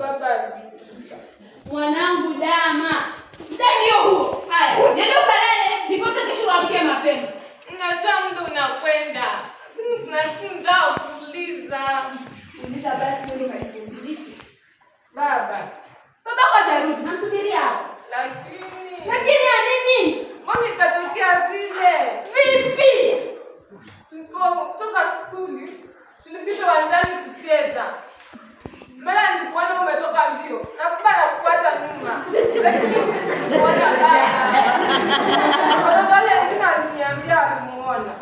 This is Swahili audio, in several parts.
baba mwanangu, dama muda ndio huo. Haya, nenda ukalale, ndiposa kesho uamke mapema. Najua muda unakwenda. mbio nakuba na kufuata nyuma, lakinimuona baba wale wengine aliniambia alimuona.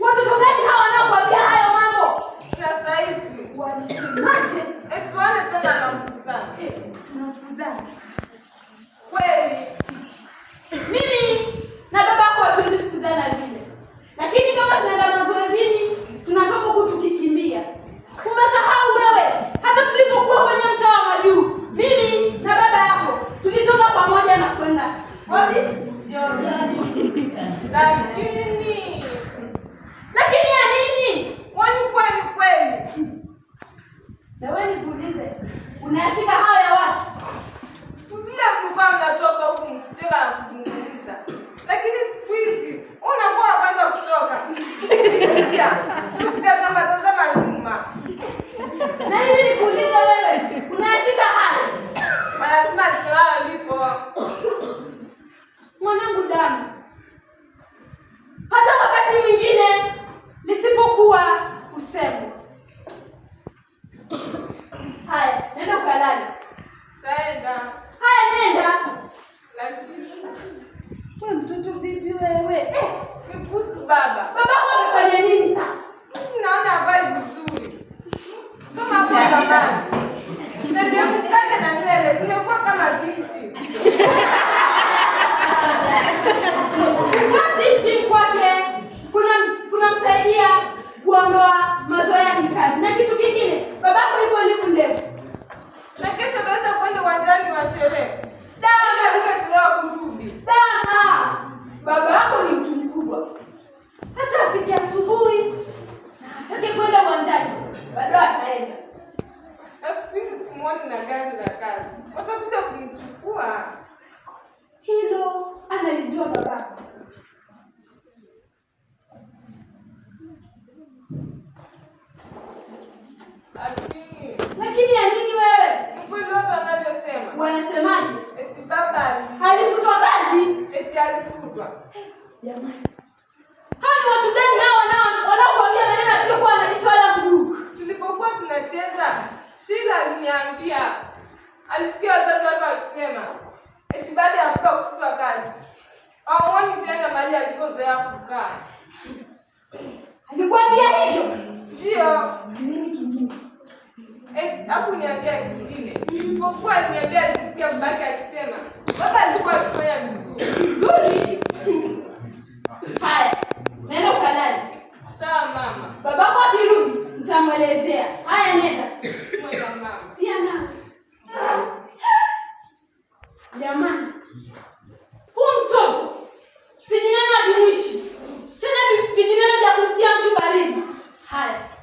Watoto gani hawa wanaokuambia hayo mambo? Na sahizi walisemaje? Eh, tuone tena, anafukuzana eh, tunafukuzana Wewe mtoto vipi wewe? Eh, mpusu baba. Baba amefanya nini sasa? Naona habari vizuri. Kama hapo zamani. Ndio msaka na nywele zimekuwa kama titi. kuna msaidia kuondoa mazoea Na kitu kingine, kesho tunaweza kwenda uwanjani wa sherehe. Dawa ndio tunao kurudi. Dawa baba yako ni mtu mkubwa, hata afike asubuhi atake kwenda uwanjani bado ataenda. Na siku hizi simuoni na gari la kazi, watakuja kumchukua. Hilo analijua babako. binti alifutwa. Jamani, hadi watu gani hawa wanaokuambia maneno asiokuwa na mguu? Tulipokuwa tunacheza, Shila aliniambia alisikia wazazi wake wakisema eti baada ya kuka kufutwa kazi hawamwoni tena mahali alipozoea kukaa. Alikuambia hivyo? Ndio. Nini kingine? Eh, hapo niambia kingine. Isipokuwa niambia alisikia Babako akirudi mtamwelezea. Haya, nenda pia na jamani, huu mtoto vijineno vimwishi tena vijineno vya kumtia mtu baridi. Haya.